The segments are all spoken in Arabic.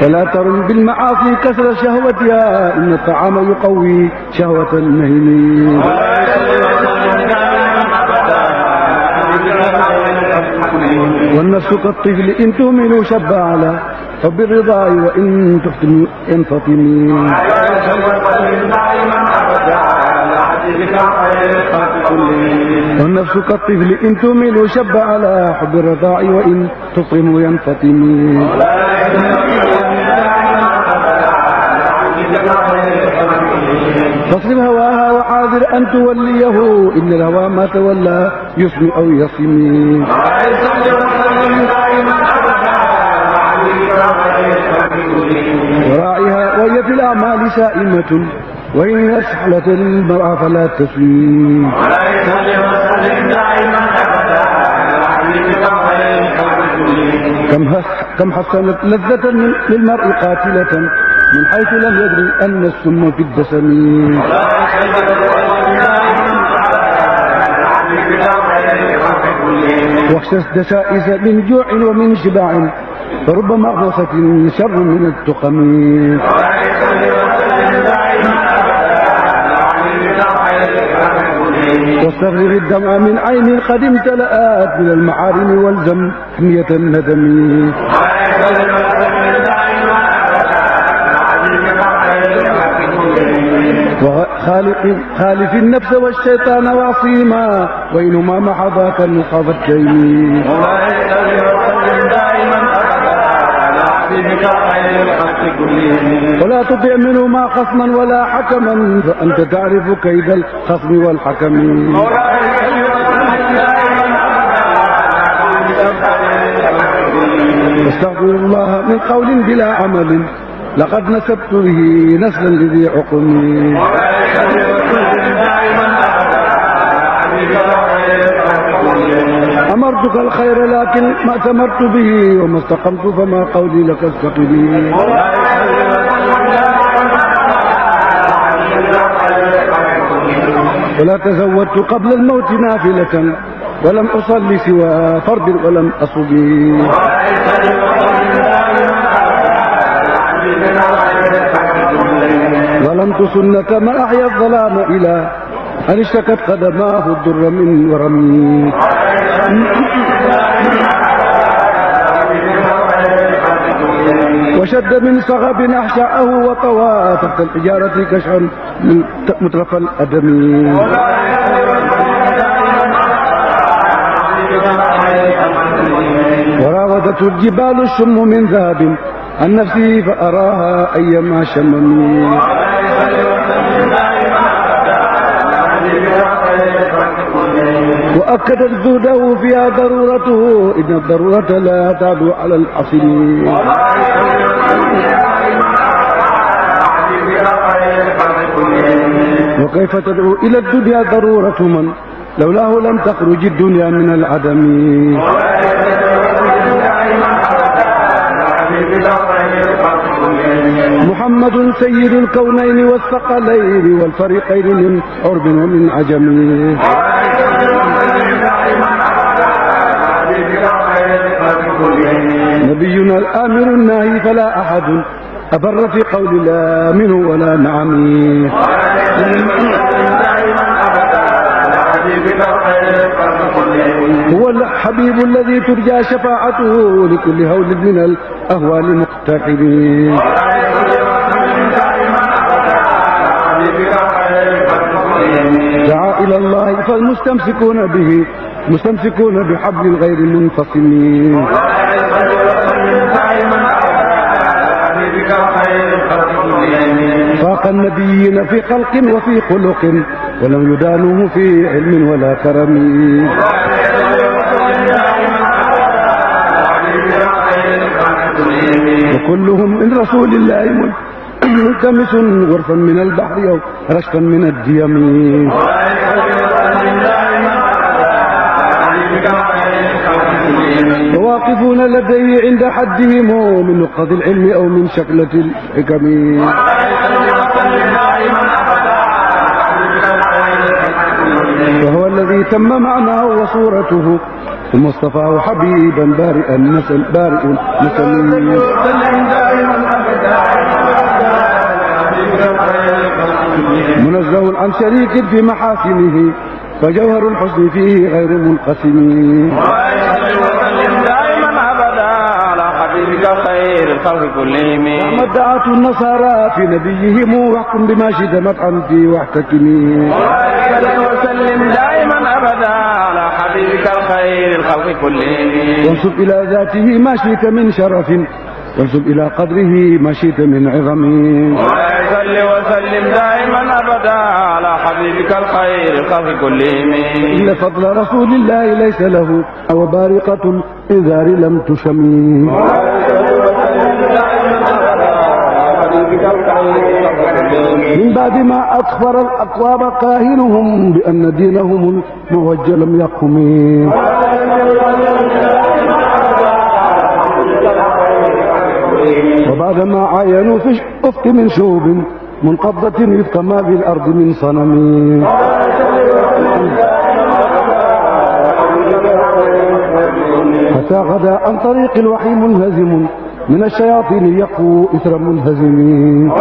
فلا ترم بالمعاصي كسر شهوتها إن الطعام يقوي شهوة المهم والنفس كالطفل إن تؤمنوا شب على حب الرضا وإن تفتنوا انفطمين والنفس كالطفل إن تؤمنوا شب على حب الرضاع وإن تطعم ينفطم فاصرف هواها وحاذر أن توليه إن الهوى ما تولى يسمي أو يصمي وراعيها وهي في الأعمال سائمة وإن أسحلت المرأة فلا تسليم كم حسنت لذة للمرء قاتلة من حيث لم يدري أن السم في الدسم واخشى الدسائس من جوع ومن شباع فربما غوثة شر من التقم واستغرق الدمع من عين قد امتلأت من المعارم والزم حمية الندم وخالق خالف النفس والشيطان وعصيما وإنما مع ذاك النقاب الدين مولاي الذي وسلم دائما على خير الخلق ولا تطع منهما خصما ولا حكما فأنت تعرف كيد الخصم والحكم مولاي وسلم دائما على خير الخلق استغفر الله من قول بلا عمل لقد نسبت به نسلا لذي عقم أمرتك الخير لكن ما ثمرت به وما استقمت فما قولي لك استقمي ولا تزودت قبل الموت نافلة ولم أصلي سوى فرد ولم أصبي ولم سنك كما أحيا الظلام إلى أن اشتكت قدماه الدر من ورمي وشد من صغب أحشاءه وطوى تحت الحجارة كشعا مترف الأدم وراودته الجبال الشم من ذهب عن نفسي فأراها أيما شمم وأكدت جهده فيها ضرورته إن الضرورة لا تعدو على الأصل وكيف تدعو إلى الدنيا ضرورة من لولاه لم تخرج الدنيا من العدم محمد سيد الكونين والثقلين والفريقين من عرب ومن عجم نبينا الآمر الناهي فلا أحد أبر في قول لا منه ولا نعم هو الحبيب الذي ترجى شفاعته لكل هول من الأهوال المقتحمين إلى الله فالمستمسكون به مستمسكون بحبل الغير المنفصلين فاق النبيين في خلق وفي خلق ولم يدانوه في علم ولا كرم وكلهم من رسول الله ملتمس غرفا من البحر أو رشفا من الديم واقفون لديه عند حدهم من نقض العلم أو من شكلة الحكم وهو الذي تم معناه وصورته ثم اصطفاه حبيبا بارئا نسل بارئ نسمي منزه عن شريك في محاسنه فجوهر الحسن فيه غير منقسم حبيبك خير الخلق كلهم ما ادعت النصارى في نبيهم واحكم بما شئت شتمت في واحتكمي وسلم دائما ابدا على حبيبك الخير الخلق كلهم وانسب الى ذاته ما شئت من شرف وانسب الى قدره ما شئت من عظم وصل وسلم دائما أبدا على حبيبك الخير الخلق كلهم إن فضل رسول الله ليس له أو بارقة إذا لم تشمي من بعد ما اكفر الأقوام قاهرهم بأن دينهم الموج لم يقم هذا ما عاينوا في الأفق من شوب منقبضة يبقى ما في الأرض من صنم حتى غدا عن طريق الوحي منهزم من الشياطين يقو إثر منهزمين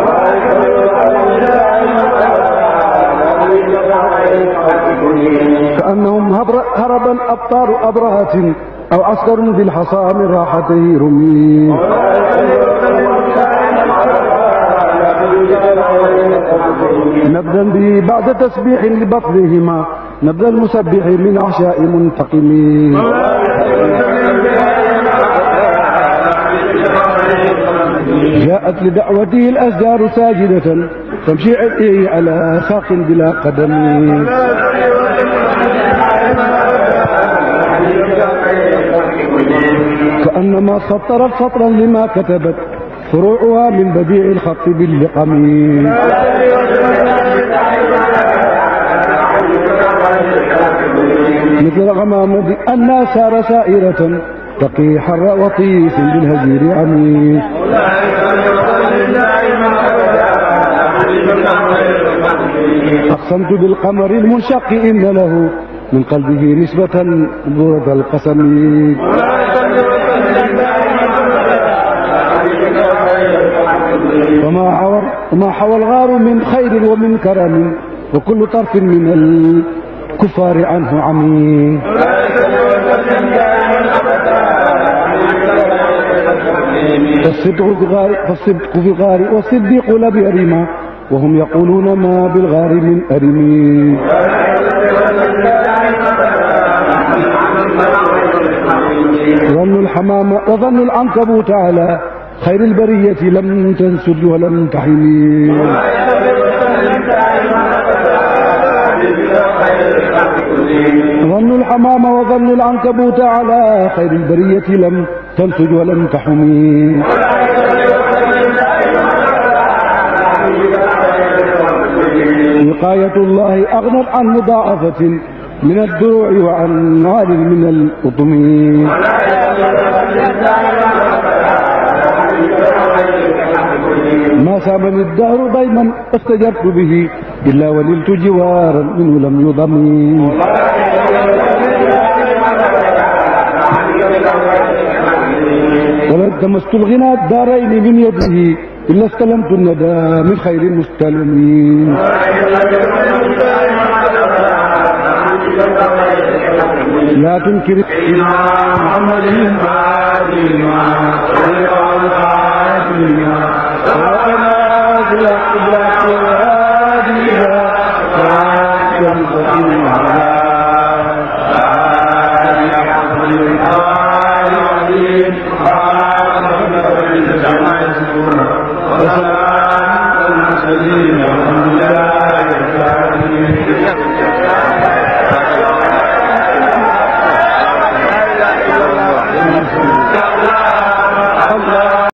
كأنهم هربا أبطار أبرهة أو عسكر بالحصى من راحته رمين نبذا به بعد تسبيح لبطلهما نبذ المسبح من أحشاء منتقمين جاءت لدعوته الأشجار ساجدة تمشي عليه على ساق بلا قدم كأنما سطرت سطرا لما كتبت فروعها من بديع الخط باللقم مثل غمام أن سار سائرة تقي حر وطيس بالهجير عميق أقسمت بالقمر المنشق إن له من قلبه نسبة برد القسم وما حوى وما حوى الغار من خير ومن كرم وكل طرف من ال الكفار عنه عمي فالصدق في فالصدق في غار والصديق لا بأريما وهم يقولون ما بالغار من أريم ظن الحمام وظن العنكبوت على خير البرية لم تنسج ولم تحمي ظنوا الحمام وظنوا العنكبوت على خير البرية لم تنتج ولم تحمي وقاية الله أغنت عن مضاعفة من الدروع وعن نار من القطم ما سامني الدهر ضيما استجبت به إلا وللت جوارا منه لم يضم التمست الغنى الدارين من يده إلا استلمت الندى من خير المستلمين لا تنكر إلى محمد الفاتمة خير الخاتمة ربنا في الأحبة 祝你们